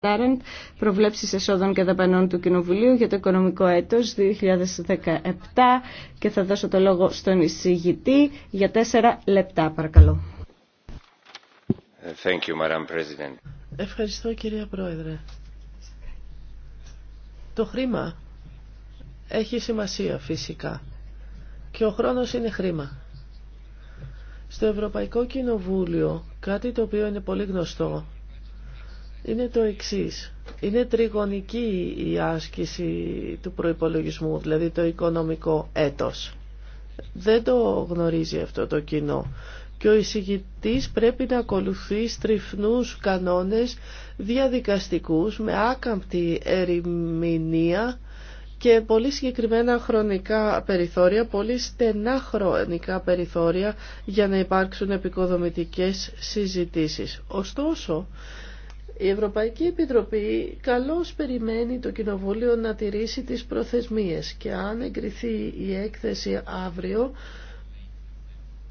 Ταρέντ προβλέψεις εσόδων και δαπανών του Κοινοβουλίου για το οικονομικό έτος 2017 και θα δώσω το λόγο στον εισηγητή για τέσσερα λεπτά, παρακαλώ. Thank you, Madam President. Ευχαριστώ, κυρία Πρόεδρε. Το χρήμα έχει σημασία φυσικά και ο χρόνος είναι χρήμα. Στο Ευρωπαϊκό Κοινοβούλιο, κάτι το οποίο είναι πολύ γνωστό, είναι το εξής. Είναι τριγωνική η άσκηση του προϋπολογισμού, δηλαδή το οικονομικό έτος. Δεν το γνωρίζει αυτό το κοινό. Και ο εισηγητής πρέπει να ακολουθεί στριφνούς κανόνες διαδικαστικούς με άκαμπτη ερημηνία και πολύ συγκεκριμένα χρονικά περιθώρια, πολύ στενά χρονικά περιθώρια για να υπάρξουν επικοδομητικές συζητήσεις. Ωστόσο, η Ευρωπαϊκή Επιτροπή καλώς περιμένει το Κοινοβούλιο να τηρήσει τις προθεσμίες και αν εγκριθεί η έκθεση αύριο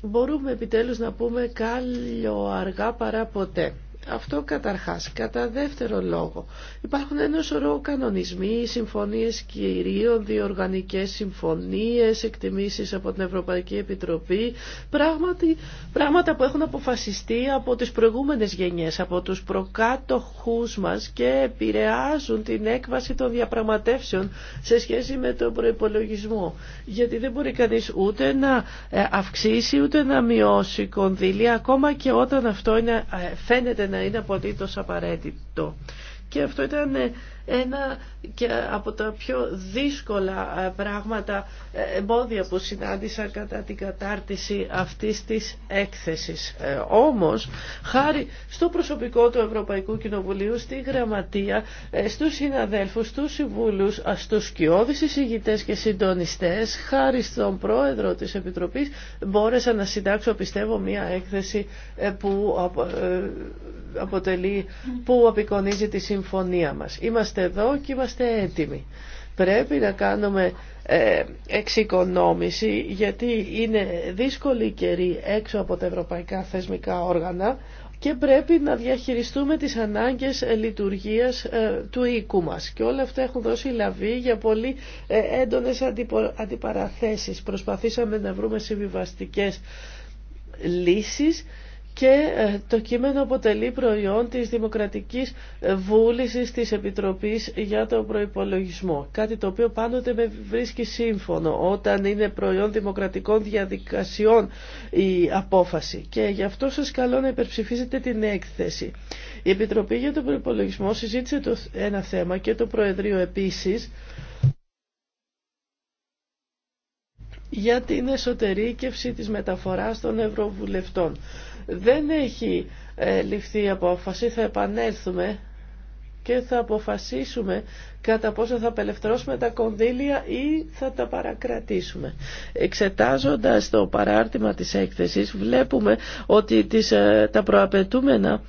μπορούμε επιτέλους να πούμε κάλλιο αργά παρά ποτέ. Αυτό καταρχάς. Κατά δεύτερο λόγο, υπάρχουν ένα σωρό κανονισμοί, συμφωνίες κυρίων, διοργανικές συμφωνίες, εκτιμήσεις από την Ευρωπαϊκή Επιτροπή, πράγματι, πράγματα που έχουν αποφασιστεί από τις προηγούμενες γενιές, από τους προκάτοχούς μας και επηρεάζουν την έκβαση των διαπραγματεύσεων σε σχέση με τον προϋπολογισμό. Γιατί δεν μπορεί κανείς ούτε να ε, αυξήσει ούτε να μειώσει κονδύλια, ακόμα και όταν αυτό είναι, ε, φαίνεται είναι απολύτως απαραίτητο. Και αυτό ήταν ε, ένα και από τα πιο δύσκολα ε, πράγματα, ε, εμπόδια που συνάντησα κατά την κατάρτιση αυτής της έκθεσης. Ε, όμως, χάρη στο προσωπικό του Ευρωπαϊκού Κοινοβουλίου, στη Γραμματεία, στους συναδέλφους, στους συμβούλους, στους σκιώδεις εισηγητές και συντονιστές, χάρη στον πρόεδρο της Επιτροπής, μπόρεσα να συντάξω, πιστεύω, μια έκθεση που αποτελεί, που απεικονίζει τη συμφωνία μας είμαστε εδώ και είμαστε έτοιμοι. Πρέπει να κάνουμε ε, εξοικονόμηση γιατί είναι δύσκολη καιρή έξω από τα ευρωπαϊκά θεσμικά όργανα και πρέπει να διαχειριστούμε τις ανάγκες ε, λειτουργίας ε, του οίκου μας. Και όλα αυτά έχουν δώσει λαβή για πολύ έντονες αντιπαραθέσεις. Προσπαθήσαμε να βρούμε συμβιβαστικές λύσεις και ε, το κείμενο αποτελεί προϊόν της δημοκρατικής βούλησης της Επιτροπής για τον προϋπολογισμό. Κάτι το οποίο πάντοτε με βρίσκει σύμφωνο όταν είναι προϊόν δημοκρατικών διαδικασιών η απόφαση. Και γι' αυτό σας καλώ να υπερψηφίσετε την έκθεση. Η Επιτροπή για τον προϋπολογισμό συζήτησε το ένα θέμα και το Προεδρείο επίσης για την εσωτερήκευση της μεταφοράς των Ευρωβουλευτών δεν έχει ε, ληφθεί η απόφαση, θα επανέλθουμε και θα αποφασίσουμε κατά πόσο θα απελευθερώσουμε τα κονδύλια ή θα τα παρακρατήσουμε. Εξετάζοντας το παράρτημα της έκθεσης βλέπουμε ότι ε, τα προαπαιτούμενα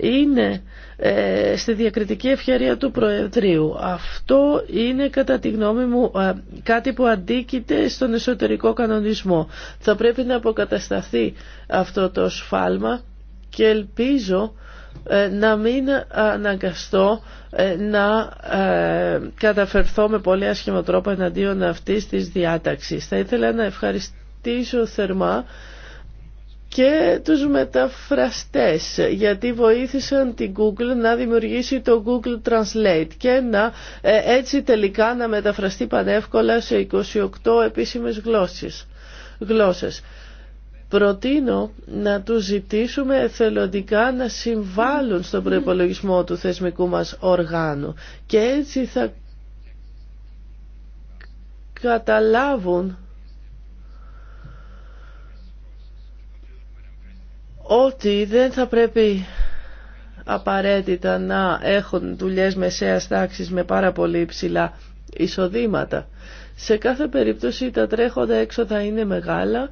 είναι ε, στη διακριτική ευχαίρεια του Προεδρείου. Αυτό είναι κατά τη γνώμη μου ε, κάτι που αντίκειται στον εσωτερικό κανονισμό. Θα πρέπει να αποκατασταθεί αυτό το σφάλμα και ελπίζω ε, να μην αναγκαστώ ε, να ε, καταφερθώ με πολύ άσχημο τρόπο εναντίον αυτής της διάταξης. Θα ήθελα να ευχαριστήσω θερμά και τους μεταφραστές γιατί βοήθησαν την Google να δημιουργήσει το Google Translate και να έτσι τελικά να μεταφραστεί πανεύκολα σε 28 επίσημες γλώσσες. γλώσσες προτείνω να τους ζητήσουμε εθελοντικά να συμβάλλουν στον προϋπολογισμό του θεσμικού μας οργάνου και έτσι θα καταλάβουν ότι δεν θα πρέπει απαραίτητα να έχουν δουλειές μεσαίας τάξης με πάρα πολύ υψηλά εισοδήματα. Σε κάθε περίπτωση τα τρέχοντα έξοδα είναι μεγάλα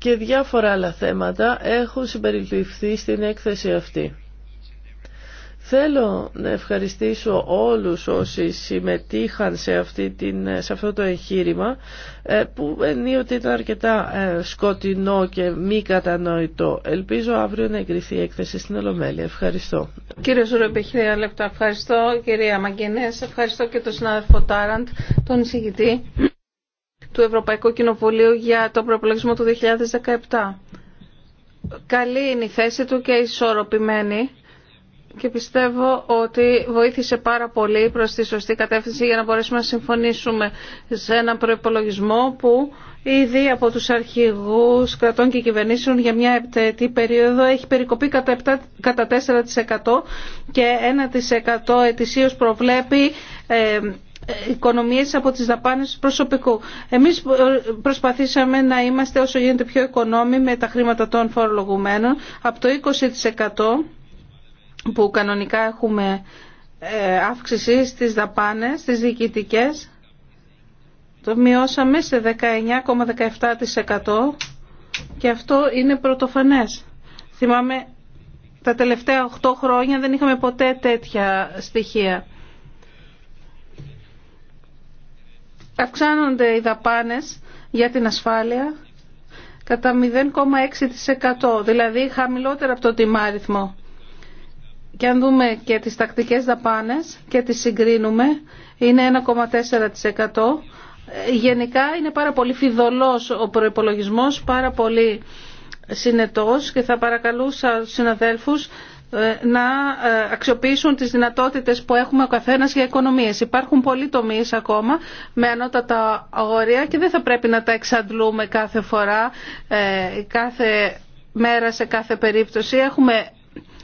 και διάφορα άλλα θέματα έχουν συμπεριληφθεί στην έκθεση αυτή. Θέλω να ευχαριστήσω όλους όσοι συμμετείχαν σε, αυτή την, σε αυτό το εγχείρημα ε, που ενίοτε ήταν αρκετά ε, σκοτεινό και μη κατανοητό. Ελπίζω αύριο να εγκριθεί η έκθεση στην Ολομέλεια. Ευχαριστώ. Κύριε Ζουροπή, λεπτά. Ευχαριστώ κυρία Μαγκενές. Ευχαριστώ και τον συνάδελφο Τάραντ, τον εισηγητή του Ευρωπαϊκού Κοινοβουλίου για τον προπολογισμό του 2017. Καλή είναι η θέση του και ισορροπημένη και πιστεύω ότι βοήθησε πάρα πολύ προς τη σωστή κατεύθυνση για να μπορέσουμε να συμφωνήσουμε σε έναν προπολογισμό που ήδη από τους αρχηγούς κρατών και κυβερνήσεων για μια επταετή περίοδο έχει περικοπεί κατά 4% και 1% ετησίως προβλέπει ε, οικονομίες από τις δαπάνες προσωπικού. Εμείς προσπαθήσαμε να είμαστε όσο γίνεται πιο οικονόμοι με τα χρήματα των φορολογουμένων από το 20% που κανονικά έχουμε ε, αύξηση στις δαπάνες, στις διοικητικές. Το μειώσαμε σε 19,17% και αυτό είναι πρωτοφανές. Θυμάμαι τα τελευταία 8 χρόνια δεν είχαμε ποτέ τέτοια στοιχεία. αυξάνονται οι δαπάνες για την ασφάλεια κατά 0,6%, δηλαδή χαμηλότερα από το τιμάριθμο. Και αν δούμε και τις τακτικές δαπάνες και τις συγκρίνουμε, είναι 1,4%. Γενικά είναι πάρα πολύ φιδωλός ο προϋπολογισμός, πάρα πολύ συνετός και θα παρακαλούσα συναδέλφους ε, να ε, αξιοποιήσουν τις δυνατότητες που έχουμε ο καθένας για οικονομίες. Υπάρχουν πολλοί τομείς ακόμα με ανώτατα αγορία και δεν θα πρέπει να τα εξαντλούμε κάθε φορά, ε, κάθε μέρα σε κάθε περίπτωση. Έχουμε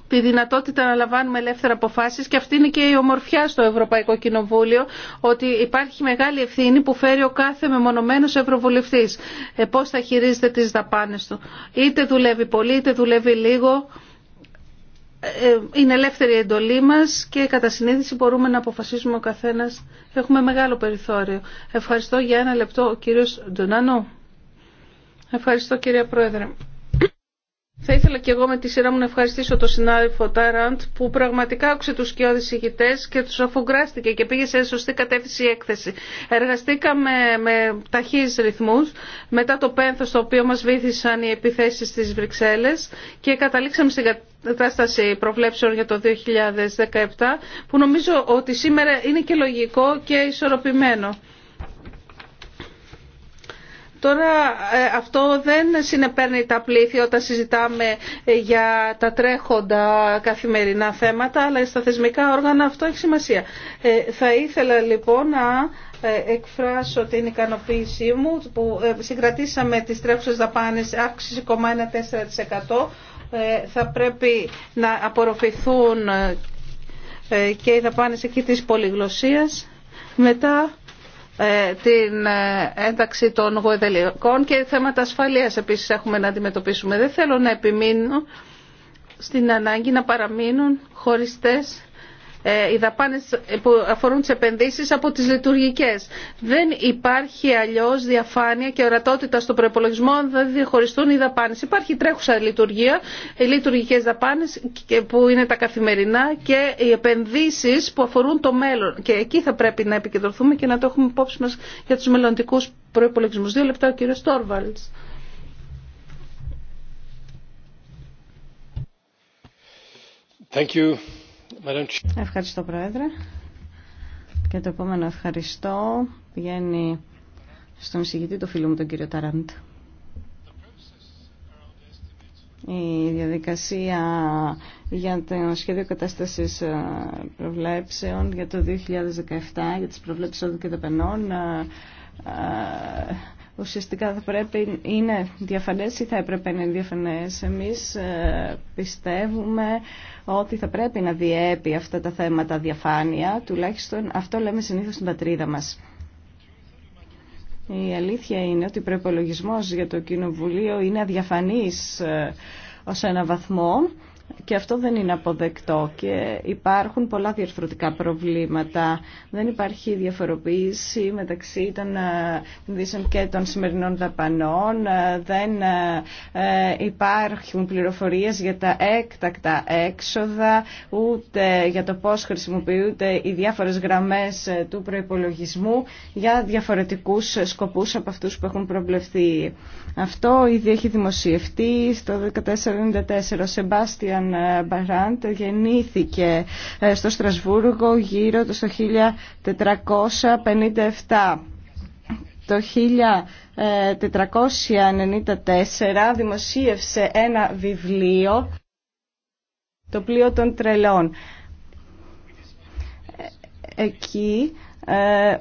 τη δυνατότητα να λαμβάνουμε ελεύθερα αποφάσεις και αυτή είναι και η ομορφιά στο Ευρωπαϊκό Κοινοβούλιο ότι υπάρχει μεγάλη ευθύνη που φέρει ο κάθε μεμονωμένος ευρωβουλευτής ε, πώς θα χειρίζεται τις δαπάνες του. Είτε δουλεύει πολύ είτε δουλεύει λίγο ε, είναι ελεύθερη η εντολή μας και κατά συνείδηση μπορούμε να αποφασίσουμε ο καθένας. Έχουμε μεγάλο περιθώριο. Ευχαριστώ για ένα λεπτό ο κύριος Ντονάνο. Ευχαριστώ κυρία Πρόεδρε. Θα ήθελα και εγώ με τη σειρά μου να ευχαριστήσω τον συνάδελφο Τάραντ που πραγματικά άκουσε τους σκιώδεις ηγητές και τους αφογκράστηκε και πήγε σε σωστή κατεύθυνση η έκθεση. Εργαστήκαμε με ταχύς ρυθμούς μετά το πένθος το οποίο μας βήθησαν οι επιθέσεις στις Βρυξέλλες και καταλήξαμε στην κατάσταση προβλέψεων για το 2017 που νομίζω ότι σήμερα είναι και λογικό και ισορροπημένο. Τώρα ε, αυτό δεν συνεπέρνει τα πλήθη όταν συζητάμε ε, για τα τρέχοντα καθημερινά θέματα, αλλά στα θεσμικά όργανα αυτό έχει σημασία. Ε, θα ήθελα λοιπόν να εκφράσω την ικανοποίησή μου που συγκρατήσαμε τις τρέχουσες δαπάνες αύξηση 0,14%. Θα πρέπει να απορροφηθούν και οι δαπάνες εκεί της πολυγλωσσίας. Μετά ε, την ε, ένταξη των γοεδελικών και θέματα ασφαλείας επίσης έχουμε να αντιμετωπίσουμε. Δεν θέλω να επιμείνω στην ανάγκη να παραμείνουν χωριστές ε, οι δαπάνες που αφορούν τις επενδύσεις από τις λειτουργικές. Δεν υπάρχει αλλιώς διαφάνεια και ορατότητα στο προπολογισμό αν δεν διαχωριστούν οι δαπάνες. Υπάρχει τρέχουσα λειτουργία, οι λειτουργικές δαπάνες που είναι τα καθημερινά και οι επενδύσεις που αφορούν το μέλλον. Και εκεί θα πρέπει να επικεντρωθούμε και να το έχουμε υπόψη μας για τους μελλοντικού προπολογισμού. Δύο λεπτά ο κύριος Τόρβαλτς. Thank you. Ευχαριστώ Πρόεδρε. Και το επόμενο ευχαριστώ πηγαίνει στον εισηγητή του φίλου μου τον κύριο Ταραντ. Η διαδικασία για το σχέδιο κατάστασης ε, προβλέψεων για το 2017, για τις προβλέψεις όδου και των ουσιαστικά θα πρέπει είναι διαφανές ή θα έπρεπε να είναι διαφανές. Εμείς ε, πιστεύουμε ότι θα πρέπει να διέπει αυτά τα θέματα διαφάνεια, τουλάχιστον αυτό λέμε συνήθως στην πατρίδα μας. Η αλήθεια είναι ότι ο προπολογισμό για το Κοινοβουλίο είναι αδιαφανής ε, ως ένα βαθμό και αυτό δεν είναι αποδεκτό και υπάρχουν πολλά διαρθρωτικά προβλήματα. Δεν υπάρχει διαφοροποίηση μεταξύ των ε, ειδήσεων και των σημερινών δαπανών. Ε, δεν ε, υπάρχουν πληροφορίες για τα έκτακτα έξοδα, ούτε για το πώς χρησιμοποιούνται οι διάφορες γραμμές του προϋπολογισμού για διαφορετικούς σκοπούς από αυτούς που έχουν προβλεφθεί. Αυτό ήδη έχει δημοσιευτεί στο 1494. Σεμπάστια Κρίστιαν ε, Μπαράντ γεννήθηκε ε, στο Στρασβούργο γύρω το 1457. Το 1494 ε, δημοσίευσε ένα βιβλίο, το πλοίο των τρελών. Εκεί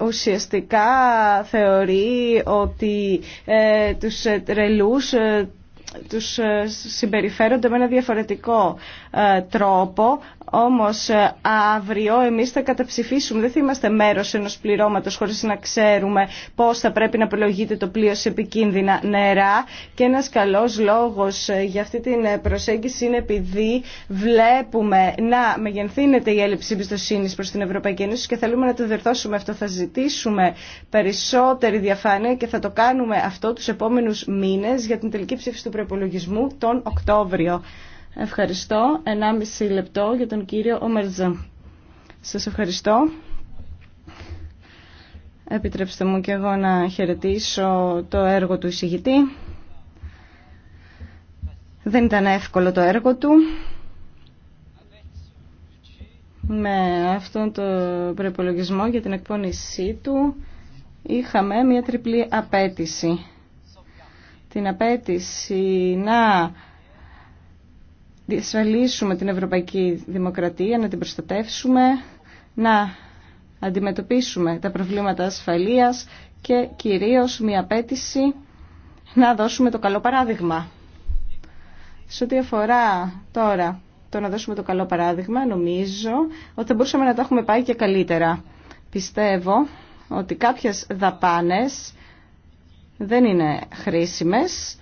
ουσιαστικά θεωρεί ότι τους τρελούς τους ε, συμπεριφέρονται με ένα διαφορετικό ε, τρόπο όμως ε, αύριο εμείς θα καταψηφίσουμε, δεν θα είμαστε μέρος ενός πληρώματος χωρίς να ξέρουμε πώς θα πρέπει να προλογείται το πλοίο σε επικίνδυνα νερά και ένας καλός λόγος ε, για αυτή την ε, προσέγγιση είναι επειδή βλέπουμε να μεγενθύνεται η έλλειψη εμπιστοσύνη προς την Ευρωπαϊκή Ένωση και θέλουμε να το διορθώσουμε αυτό. Θα ζητήσουμε περισσότερη διαφάνεια και θα το κάνουμε αυτό τους επόμενους μήνες για την τελική ψήφιση του προπολογισμού τον Οκτώβριο. Ευχαριστώ. 1,5 λεπτό για τον κύριο Ομερζά. Σας ευχαριστώ. Επιτρέψτε μου και εγώ να χαιρετήσω το έργο του εισηγητή. Δεν ήταν εύκολο το έργο του. Με αυτόν τον προπολογισμό για την εκπόνησή του είχαμε μια τριπλή απέτηση. Την απέτηση να διασφαλίσουμε την ευρωπαϊκή δημοκρατία, να την προστατεύσουμε, να αντιμετωπίσουμε τα προβλήματα ασφαλείας και κυρίως μια απέτηση να δώσουμε το καλό παράδειγμα. Σε ό,τι αφορά τώρα το να δώσουμε το καλό παράδειγμα, νομίζω ότι θα μπορούσαμε να το έχουμε πάει και καλύτερα. Πιστεύω ότι κάποιες δαπάνες δεν είναι χρήσιμες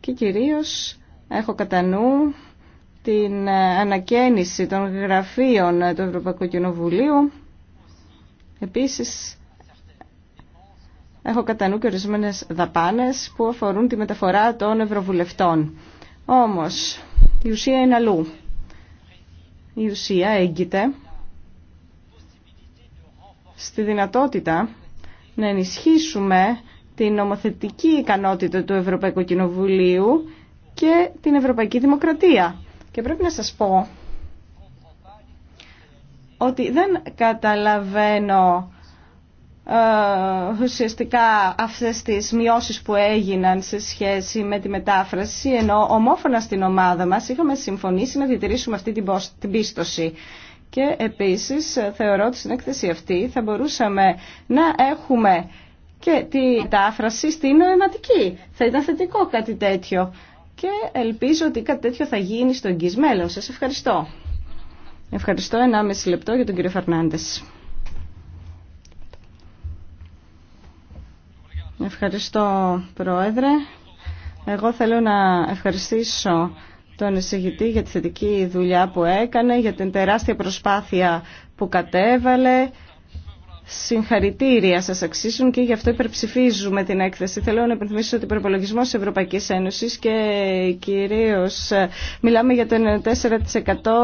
και κυρίως έχω κατά νου την ε, ανακαίνιση των γραφείων ε, του Ευρωπαϊκού Κοινοβουλίου. Επίσης, έχω κατά νου και ορισμένε δαπάνες που αφορούν τη μεταφορά των ευρωβουλευτών. Όμως, η ουσία είναι αλλού. Η ουσία έγκυται στη δυνατότητα να ενισχύσουμε την νομοθετική ικανότητα του Ευρωπαϊκού Κοινοβουλίου και την Ευρωπαϊκή Δημοκρατία. Και πρέπει να σας πω ότι δεν καταλαβαίνω ε, ουσιαστικά αυτές τις μειώσεις που έγιναν σε σχέση με τη μετάφραση ενώ ομόφωνα στην ομάδα μας είχαμε συμφωνήσει να διατηρήσουμε αυτή την πίστοση. Και επίσης ε, θεωρώ ότι στην έκθεση αυτή θα μπορούσαμε να έχουμε και τη μετάφραση στην νοηματική. Θα ήταν θετικό κάτι τέτοιο και ελπίζω ότι κάτι τέτοιο θα γίνει στο εγγύς μέλλον. Σας ευχαριστώ. Ευχαριστώ μισή λεπτό για τον κύριο Φερνάντες. Ευχαριστώ Πρόεδρε. Εγώ θέλω να ευχαριστήσω τον εισηγητή για τη θετική δουλειά που έκανε, για την τεράστια προσπάθεια που κατέβαλε Συγχαρητήρια σας αξίζουν και γι' αυτό υπερψηφίζουμε την έκθεση. Θέλω να υπενθυμίσω ότι ο προπολογισμός της Ευρωπαϊκής Ένωσης και κυρίως ε, μιλάμε για το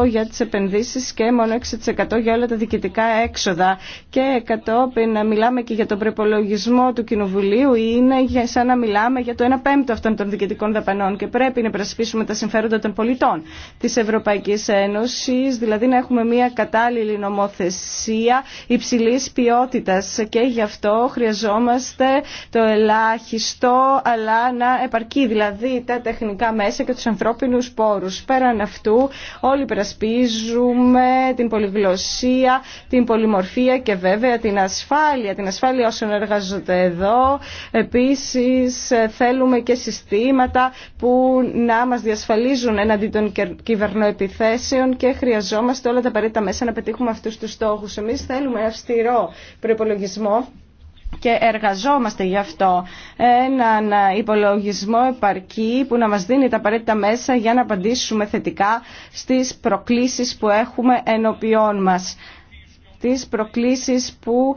94% για τις επενδύσεις και μόνο 6% για όλα τα διοικητικά έξοδα. Και κατόπιν ε, μιλάμε και για τον προπολογισμό του Κοινοβουλίου είναι σαν να μιλάμε για το 1 πέμπτο αυτών των διοικητικών δαπανών και πρέπει να υπερασπίσουμε τα συμφέροντα των πολιτών της Ευρωπαϊκής Ένωσης, δηλαδή να έχουμε μια κατάλληλη νομοθεσία υψηλής ποιότητας ποιότητας και γι' αυτό χρειαζόμαστε το ελάχιστο αλλά να επαρκεί δηλαδή τα τεχνικά μέσα και τους ανθρώπινους πόρους. Πέραν αυτού όλοι περασπίζουμε την πολυγλωσία, την πολυμορφία και βέβαια την ασφάλεια, την ασφάλεια όσων εργάζονται εδώ. Επίσης θέλουμε και συστήματα που να μας διασφαλίζουν εναντί των κυβερνοεπιθέσεων και χρειαζόμαστε όλα τα απαραίτητα μέσα να πετύχουμε αυτούς τους στόχους. Εμείς θέλουμε αυστηρό προπολογισμό και εργαζόμαστε γι' αυτό έναν υπολογισμό επαρκή που να μας δίνει τα απαραίτητα μέσα για να απαντήσουμε θετικά στις προκλήσεις που έχουμε ενωπιών μας. Τις προκλήσεις που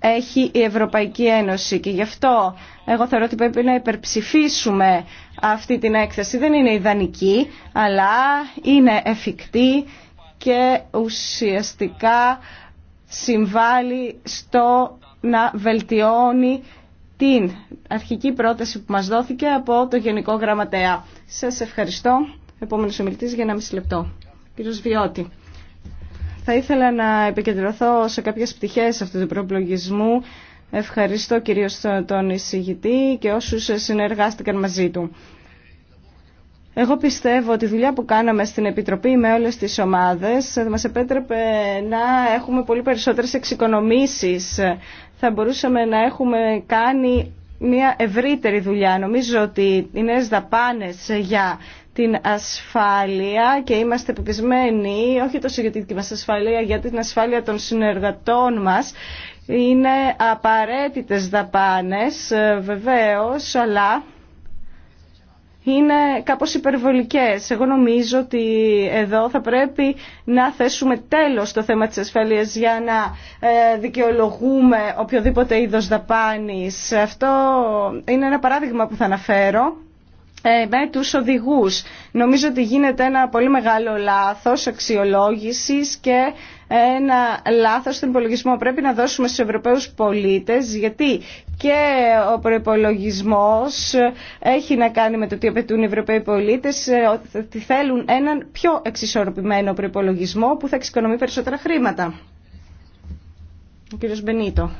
έχει η Ευρωπαϊκή Ένωση και γι' αυτό εγώ θεωρώ ότι πρέπει να υπερψηφίσουμε αυτή την έκθεση. Δεν είναι ιδανική, αλλά είναι εφικτή και ουσιαστικά συμβάλλει στο να βελτιώνει την αρχική πρόταση που μας δόθηκε από το Γενικό Γραμματέα. Σας ευχαριστώ. Επόμενος ομιλητής για ένα μισή λεπτό. Κύριος Βιώτη. Θα ήθελα να επικεντρωθώ σε κάποιες πτυχές αυτού του προπλογισμού. Ευχαριστώ κυρίως τον εισηγητή και όσους συνεργάστηκαν μαζί του. Εγώ πιστεύω ότι η δουλειά που κάναμε στην Επιτροπή με όλες τις ομάδες μας επέτρεπε να έχουμε πολύ περισσότερες εξοικονομήσεις. Θα μπορούσαμε να έχουμε κάνει μια ευρύτερη δουλειά. Νομίζω ότι οι νέε δαπάνε για την ασφάλεια και είμαστε πεπισμένοι όχι τόσο για την μας ασφάλεια, για την ασφάλεια των συνεργατών μας. Είναι απαραίτητες δαπάνες ε, βεβαίως, αλλά είναι κάπως υπερβολικές. Εγώ νομίζω ότι εδώ θα πρέπει να θέσουμε τέλος το θέμα της ασφαλείας για να ε, δικαιολογούμε οποιοδήποτε είδος δαπάνης. Αυτό είναι ένα παράδειγμα που θα αναφέρω ε, με τους οδηγούς. Νομίζω ότι γίνεται ένα πολύ μεγάλο λάθος αξιολόγησης και ένα λάθος στον υπολογισμό. Πρέπει να δώσουμε στους Ευρωπαίους πολίτες γιατί και ο προπολογισμό έχει να κάνει με το τι απαιτούν οι Ευρωπαίοι πολίτες ε, ότι θέλουν έναν πιο εξισορροπημένο προπολογισμό που θα εξοικονομεί περισσότερα χρήματα. Ο κύριος Μπενίτο.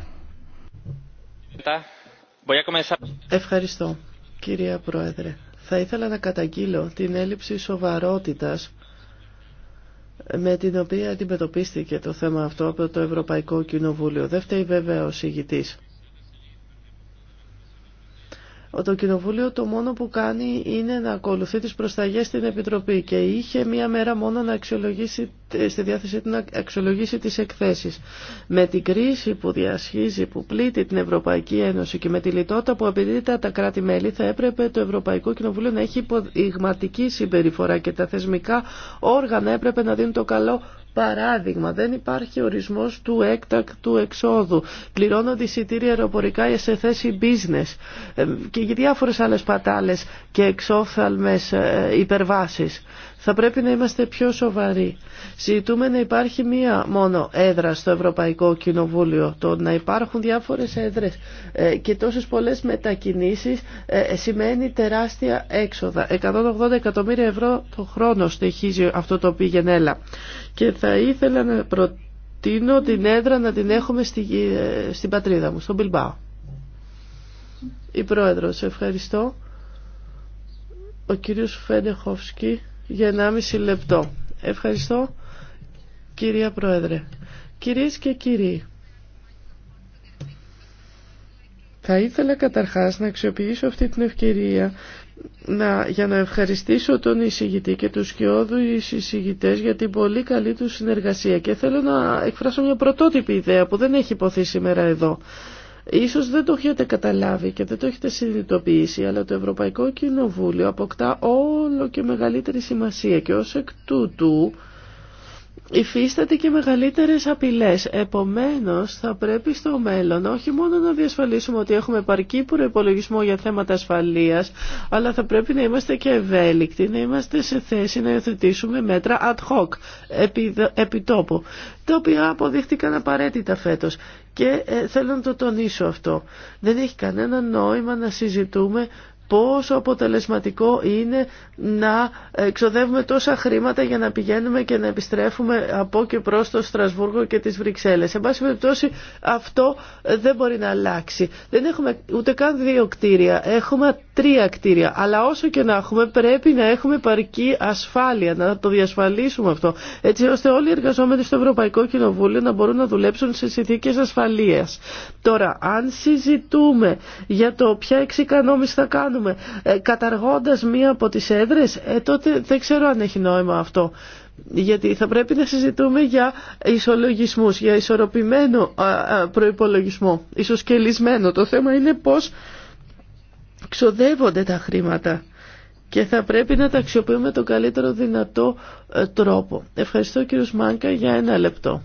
Ευχαριστώ κυρία Πρόεδρε. Θα ήθελα να καταγγείλω την έλλειψη σοβαρότητας με την οποία αντιμετωπίστηκε το θέμα αυτό από το Ευρωπαϊκό Κοινοβούλιο. Δεν φταίει βέβαια ο συγητής το Κοινοβούλιο το μόνο που κάνει είναι να ακολουθεί τις προσταγές στην Επιτροπή και είχε μία μέρα μόνο να αξιολογήσει, ε, στη διάθεσή του να αξιολογήσει τις εκθέσεις. Με την κρίση που διασχίζει, που πλήττει την Ευρωπαϊκή Ένωση και με τη λιτότητα που απαιτείται τα κράτη-μέλη θα έπρεπε το Ευρωπαϊκό Κοινοβούλιο να έχει υποδειγματική συμπεριφορά και τα θεσμικά όργανα έπρεπε να δίνουν το καλό Παράδειγμα, δεν υπάρχει ορισμός του έκτακτου εξόδου. Πληρώνονται εισιτήρια αεροπορικά σε θέση business ε, και διάφορες άλλες πατάλες και εξόφθαλμες ε, υπερβάσεις θα πρέπει να είμαστε πιο σοβαροί. Ζητούμε να υπάρχει μία μόνο έδρα στο Ευρωπαϊκό Κοινοβούλιο. Το να υπάρχουν διάφορες έδρες ε, και τόσες πολλές μετακινήσεις ε, σημαίνει τεράστια έξοδα. 180 εκατομμύρια ευρώ το χρόνο στοιχίζει αυτό το πηγενέλα. Και θα ήθελα να προτείνω την έδρα να την έχουμε στη, ε, στην πατρίδα μου, στον Μπιλμπάο. Η Πρόεδρος, ευχαριστώ. Ο κύριος Φέντεχοφσκι για 1,5 λεπτό. Ευχαριστώ κυρία Πρόεδρε. Κυρίες και κύριοι, θα ήθελα καταρχάς να αξιοποιήσω αυτή την ευκαιρία να, για να ευχαριστήσω τον εισηγητή και τους σκιώδους εισηγητές για την πολύ καλή του συνεργασία και θέλω να εκφράσω μια πρωτότυπη ιδέα που δεν έχει υποθεί σήμερα εδώ. Ίσως δεν το έχετε καταλάβει και δεν το έχετε συνειδητοποιήσει, αλλά το Ευρωπαϊκό Κοινοβούλιο αποκτά όλο και μεγαλύτερη σημασία και ως εκ τούτου υφίσταται και μεγαλύτερες απειλές. Επομένως, θα πρέπει στο μέλλον όχι μόνο να διασφαλίσουμε ότι έχουμε επαρκή προπολογισμό για θέματα ασφαλείας, αλλά θα πρέπει να είμαστε και ευέλικτοι, να είμαστε σε θέση να υιοθετήσουμε μέτρα ad hoc, επιτόπου, τα οποία αποδείχτηκαν απαραίτητα φέτος. Και ε, θέλω να το τονίσω αυτό. Δεν έχει κανένα νόημα να συζητούμε πόσο αποτελεσματικό είναι να εξοδεύουμε τόσα χρήματα για να πηγαίνουμε και να επιστρέφουμε από και προς το Στρασβούργο και τις Βρυξέλλες. Σε πάση περιπτώσει αυτό δεν μπορεί να αλλάξει. Δεν έχουμε ούτε καν δύο κτίρια, έχουμε τρία κτίρια. Αλλά όσο και να έχουμε πρέπει να έχουμε παρκή ασφάλεια, να το διασφαλίσουμε αυτό. Έτσι ώστε όλοι οι εργαζόμενοι στο Ευρωπαϊκό Κοινοβούλιο να μπορούν να δουλέψουν σε συνθήκες ασφαλείας. Τώρα, αν συζητούμε για το ποια εξοικονόμηση θα κάνουμε, κάνουμε ε, καταργώντας μία από τις έδρες, ε, τότε δεν ξέρω αν έχει νόημα αυτό. Γιατί θα πρέπει να συζητούμε για ισολογισμούς, για ισορροπημένο προϋπολογισμό, λυσμένο. Το θέμα είναι πώς ξοδεύονται τα χρήματα και θα πρέπει να τα αξιοποιούμε τον καλύτερο δυνατό ε, τρόπο. Ευχαριστώ κύριο Μάνκα για ένα λεπτό.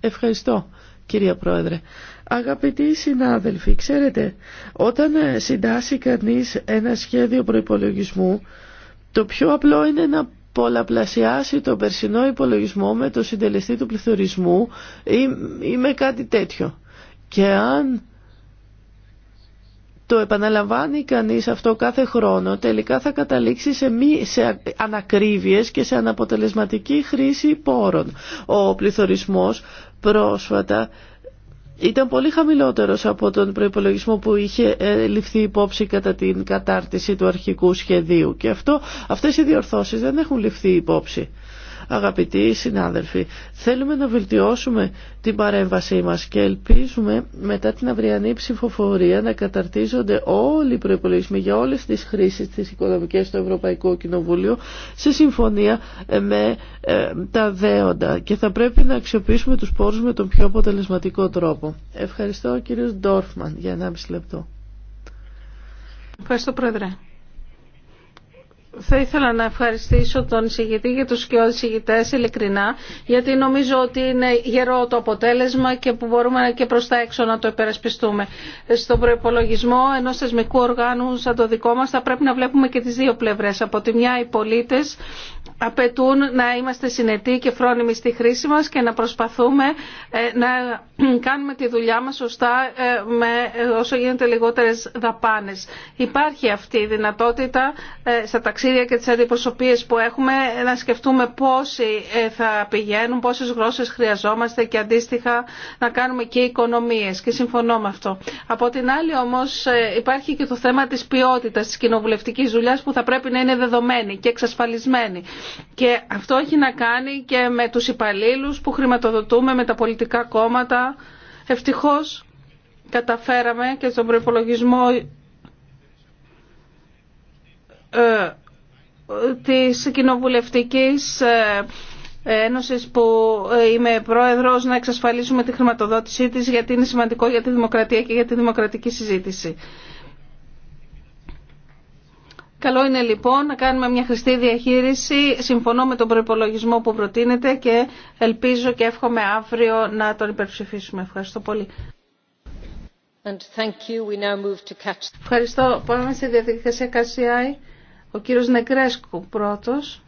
Ευχαριστώ κυρία Πρόεδρε. Αγαπητοί συνάδελφοι, ξέρετε, όταν ε, συντάσσει κανείς ένα σχέδιο προϋπολογισμού, το πιο απλό είναι να πολλαπλασιάσει το περσινό υπολογισμό με το συντελεστή του πληθωρισμού ή, με κάτι τέτοιο. Και αν το επαναλαμβάνει κανείς αυτό κάθε χρόνο, τελικά θα καταλήξει σε, μη, σε ανακρίβειες και σε αναποτελεσματική χρήση πόρων. Ο πληθωρισμός πρόσφατα ήταν πολύ χαμηλότερος από τον προϋπολογισμό που είχε ε, ληφθεί υπόψη κατά την κατάρτιση του αρχικού σχεδίου και αυτό, αυτές οι διορθώσεις δεν έχουν ληφθεί υπόψη. Αγαπητοί συνάδελφοι, θέλουμε να βελτιώσουμε την παρέμβασή μας και ελπίζουμε μετά την αυριανή ψηφοφορία να καταρτίζονται όλοι οι προϋπολογισμοί για όλες τις χρήσεις της οικονομικής του Ευρωπαϊκού Κοινοβούλιο σε συμφωνία ε, με ε, τα δέοντα και θα πρέπει να αξιοποιήσουμε τους πόρους με τον πιο αποτελεσματικό τρόπο. Ευχαριστώ κύριος Ντόρφμαν για 1,5 λεπτό. Ευχαριστώ Πρόεδρε. Θα ήθελα να ευχαριστήσω τον εισηγητή για τους και εισηγητές ειλικρινά γιατί νομίζω ότι είναι γερό το αποτέλεσμα και που μπορούμε και προς τα έξω να το υπερασπιστούμε. Στον προπολογισμό ενός θεσμικού οργάνου σαν το δικό μας θα πρέπει να βλέπουμε και τις δύο πλευρές. Από τη μια οι πολίτες απαιτούν να είμαστε συνετοί και φρόνιμοι στη χρήση μας και να προσπαθούμε ε, να κάνουμε τη δουλειά μας σωστά ε, με όσο γίνεται λιγότερες δαπάνες. Υπάρχει αυτή η δυνατότητα ε, στα ταξίδια και τις αντιπροσωπείες που έχουμε να σκεφτούμε πόσοι ε, θα πηγαίνουν, πόσες γλώσσες χρειαζόμαστε και αντίστοιχα να κάνουμε και οικονομίες και συμφωνώ με αυτό. Από την άλλη όμως υπάρχει και το θέμα της ποιότητας της κοινοβουλευτικής δουλειάς που θα πρέπει να είναι δεδομένη και εξασφαλισμένη και αυτό έχει να κάνει και με τους υπαλλήλους που χρηματοδοτούμε με τα πολιτικά κόμματα ευτυχώς καταφέραμε και στον προπολογισμό ε, της κοινοβουλευτικής ε, Ένωσης που ε, είμαι πρόεδρος να εξασφαλίσουμε τη χρηματοδότησή της γιατί είναι σημαντικό για τη δημοκρατία και για τη δημοκρατική συζήτηση. Καλό είναι λοιπόν να κάνουμε μια χρηστή διαχείριση. Συμφωνώ με τον προπολογισμό που προτείνεται και ελπίζω και εύχομαι αύριο να τον υπερψηφίσουμε. Ευχαριστώ πολύ. And thank you. We now move to catch... Ευχαριστώ. Πάμε στη διαδικασία Κασιάη. Ο κύριος Νεκρέσκου πρώτος.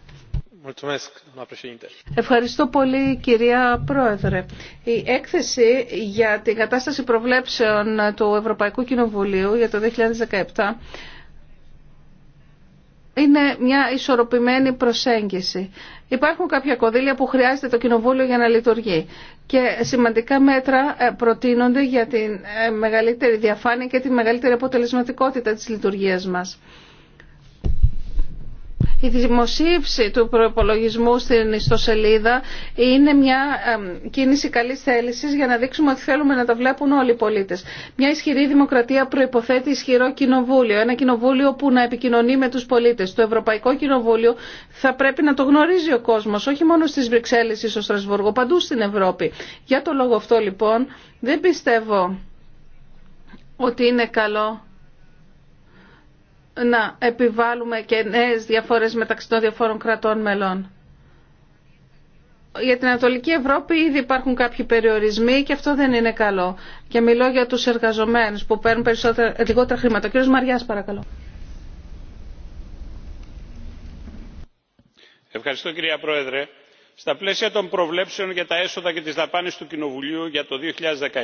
Ευχαριστώ πολύ κυρία Πρόεδρε. Η έκθεση για την κατάσταση προβλέψεων του Ευρωπαϊκού Κοινοβουλίου για το 2017 είναι μια ισορροπημένη προσέγγιση. Υπάρχουν κάποια κονδύλια που χρειάζεται το Κοινοβούλιο για να λειτουργεί και σημαντικά μέτρα ε, προτείνονται για τη ε, μεγαλύτερη διαφάνεια και τη μεγαλύτερη αποτελεσματικότητα της λειτουργίας μας. Η δημοσίευση του προπολογισμού στην ιστοσελίδα είναι μια κίνηση καλή θέληση για να δείξουμε ότι θέλουμε να τα βλέπουν όλοι οι πολίτες. Μια ισχυρή δημοκρατία προποθέτει ισχυρό κοινοβούλιο. Ένα κοινοβούλιο που να επικοινωνεί με τους πολίτες. Το Ευρωπαϊκό Κοινοβούλιο θα πρέπει να το γνωρίζει ο κόσμο, όχι μόνο στι Βρυξέλλε ή στο Στρασβούργο, παντού στην Ευρώπη. Για το λόγο αυτό λοιπόν δεν πιστεύω ότι είναι καλό να επιβάλλουμε και νέες διαφορές μεταξύ των διαφόρων κρατών μελών. Για την Ανατολική Ευρώπη ήδη υπάρχουν κάποιοι περιορισμοί και αυτό δεν είναι καλό. Και μιλώ για τους εργαζομένους που παίρνουν περισσότερα, λιγότερα χρήματα. Ο κύριος Μαριάς παρακαλώ. Ευχαριστώ κυρία Πρόεδρε. Στα πλαίσια των προβλέψεων για τα έσοδα και τις δαπάνες του Κοινοβουλίου για το 2017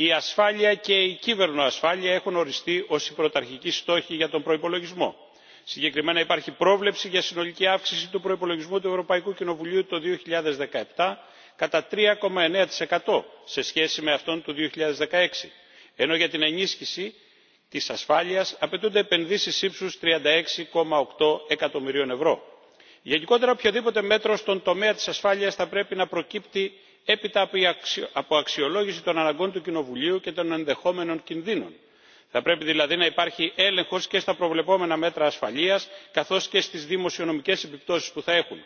η ασφάλεια και η κυβερνοασφάλεια έχουν οριστεί ως οι πρωταρχικοί στόχοι για τον προϋπολογισμό. συγκεκριμένα υπάρχει πρόβλεψη για συνολική αύξηση του προϋπολογισμού του ευρωπαϊκού κοινοβουλίου το 2017 κατά 3,9% σε σχέση με αυτόν του 2016. ενώ για την ενίσχυση της ασφάλειας απαιτούνται επενδύσεις ύψους 36,8 εκατομμυρίων ευρώ. γενικότερα οποιοδήποτε μέτρο στον τομέα της ασφάλειας θα πρέπει να προκύπτει έπειτα από αξιολόγηση των αναγκών του κοινοβουλίου και των ενδεχόμενων κινδύνων. θα πρέπει δηλαδή να υπάρχει έλεγχος και στα προβλεπόμενα μέτρα ασφαλείας καθώς και στις δημοσιονομικές επιπτώσεις που θα έχουν.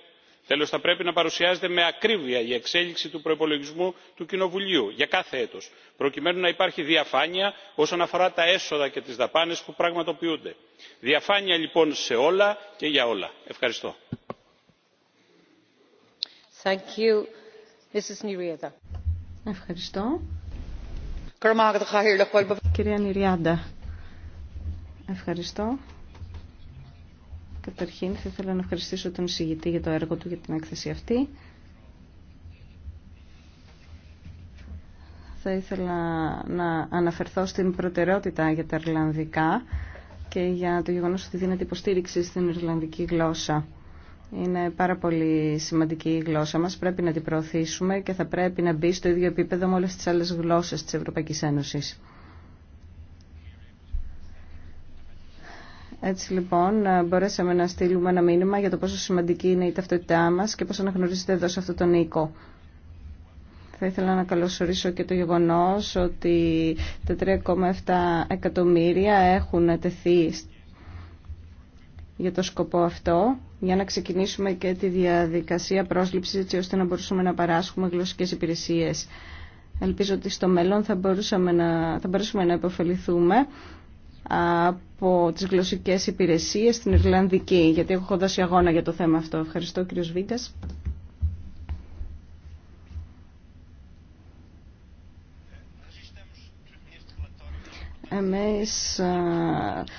τέλος θα πρέπει να παρουσιάζεται με ακρίβεια η εξέλιξη του προϋπολογισμού του κοινοβουλίου για κάθε έτος προκειμένου να υπάρχει διαφάνεια όσον αφορά τα έσοδα και τις δαπάνες που πραγματοποιούνται. διαφάνεια λοιπόν σε όλα και για όλα. ευχαριστώ. Ευχαριστώ. Κυρία Νιριάντα, ευχαριστώ. Καταρχήν θα ήθελα να ευχαριστήσω τον εισηγητή για το έργο του για την έκθεση αυτή. Θα ήθελα να αναφερθώ στην προτεραιότητα για τα Ιρλανδικά και για το γεγονός ότι δίνεται υποστήριξη στην Ιρλανδική γλώσσα. Είναι πάρα πολύ σημαντική η γλώσσα μας, πρέπει να την προωθήσουμε και θα πρέπει να μπει στο ίδιο επίπεδο με όλες τις άλλες γλώσσες της Ευρωπαϊκής Ένωσης. Έτσι λοιπόν μπορέσαμε να στείλουμε ένα μήνυμα για το πόσο σημαντική είναι η ταυτότητά μας και πώς αναγνωρίζεται εδώ σε αυτό τον οίκο. Θα ήθελα να καλωσορίσω και το γεγονός ότι τα 3,7 εκατομμύρια έχουν τεθεί για το σκοπό αυτό, για να ξεκινήσουμε και τη διαδικασία πρόσληψης έτσι ώστε να μπορούσαμε να παράσχουμε γλωσσικές υπηρεσίες. Ελπίζω ότι στο μέλλον θα, μπορούσαμε να, θα να υποφεληθούμε από τις γλωσσικές υπηρεσίες στην Ιρλανδική, γιατί έχω δώσει αγώνα για το θέμα αυτό. Ευχαριστώ κύριος Βίγκας. Εμείς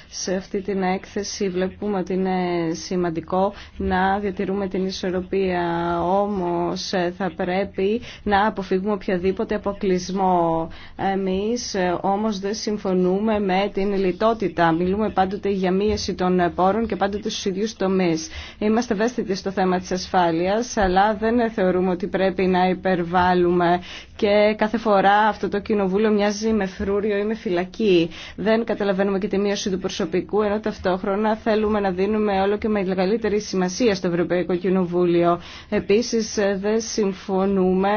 σε αυτή την έκθεση βλέπουμε ότι είναι σημαντικό να διατηρούμε την ισορροπία, όμως ε, θα πρέπει να αποφύγουμε οποιαδήποτε αποκλεισμό. Εμείς ε, όμως δεν συμφωνούμε με την λιτότητα. Μιλούμε πάντοτε για μείωση των πόρων και πάντοτε στους ίδιους τομείς. Είμαστε ευαίσθητοι στο θέμα της ασφάλειας, αλλά δεν θεωρούμε ότι πρέπει να υπερβάλλουμε και κάθε φορά αυτό το κοινοβούλιο μοιάζει με φρούριο ή με φυλακή. Δεν καταλαβαίνουμε και τη μείωση του προσωπικού, ενώ ταυτόχρονα θέλουμε να δίνουμε όλο και μεγαλύτερη σημασία στο Ευρωπαϊκό Κοινοβούλιο. Επίσης ε, δεν συμφωνούμε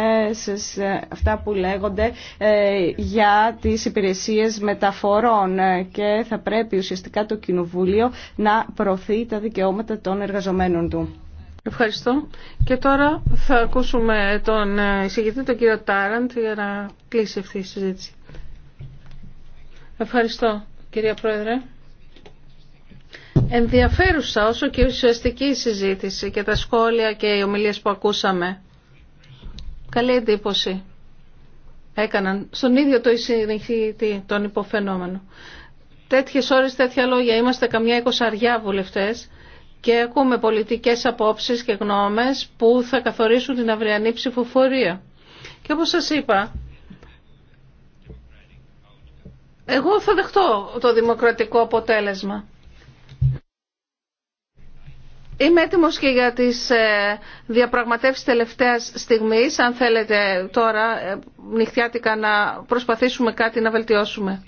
σε αυτά που λέγονται ε, για τις υπηρεσίες μεταφορών ε, και θα πρέπει ουσιαστικά το Κοινοβούλιο να προωθεί τα δικαιώματα των εργαζομένων του. Ευχαριστώ. Και τώρα θα ακούσουμε τον εισηγητή, τον κύριο Τάραντ, για να κλείσει αυτή η συζήτηση. Ευχαριστώ, κυρία Πρόεδρε. Ενδιαφέρουσα όσο και ουσιαστική η συζήτηση και τα σχόλια και οι ομιλίες που ακούσαμε. Καλή εντύπωση έκαναν στον ίδιο το συνεχίτη τον υποφαινόμενο. Τέτοιες ώρες, τέτοια λόγια, είμαστε καμιά εικοσαριά βουλευτές και ακούμε πολιτικές απόψεις και γνώμες που θα καθορίσουν την αυριανή ψηφοφορία. Και όπως σας είπα, εγώ θα δεχτώ το δημοκρατικό αποτέλεσμα. Είμαι έτοιμος και για τις ε, διαπραγματεύσεις τελευταίας στιγμής, αν θέλετε τώρα ε, νυχτιάτικα να προσπαθήσουμε κάτι να βελτιώσουμε.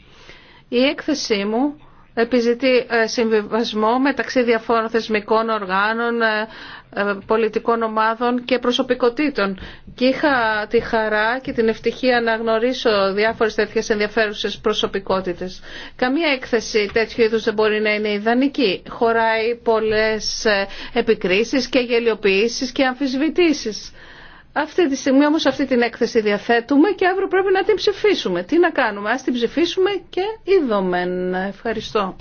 Η έκθεσή μου επιζητεί ε, συμβιβασμό μεταξύ διαφόρων θεσμικών οργάνων, ε, ε, πολιτικών ομάδων και προσωπικότητων. Και είχα τη χαρά και την ευτυχία να γνωρίσω διάφορες τέτοιες ενδιαφέρουσες προσωπικότητες. Καμία έκθεση τέτοιου είδους δεν μπορεί να είναι ιδανική. Χωράει πολλές επικρίσεις και γελιοποιήσεις και αμφισβητήσεις. Αυτή τη στιγμή όμως αυτή την έκθεση διαθέτουμε και αύριο πρέπει να την ψηφίσουμε. Τι να κάνουμε, ας την ψηφίσουμε και είδομεν. Ευχαριστώ.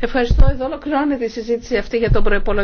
Ευχαριστώ. Εδώ ολοκληρώνεται η συζήτηση αυτή για τον προϋπολογισμό.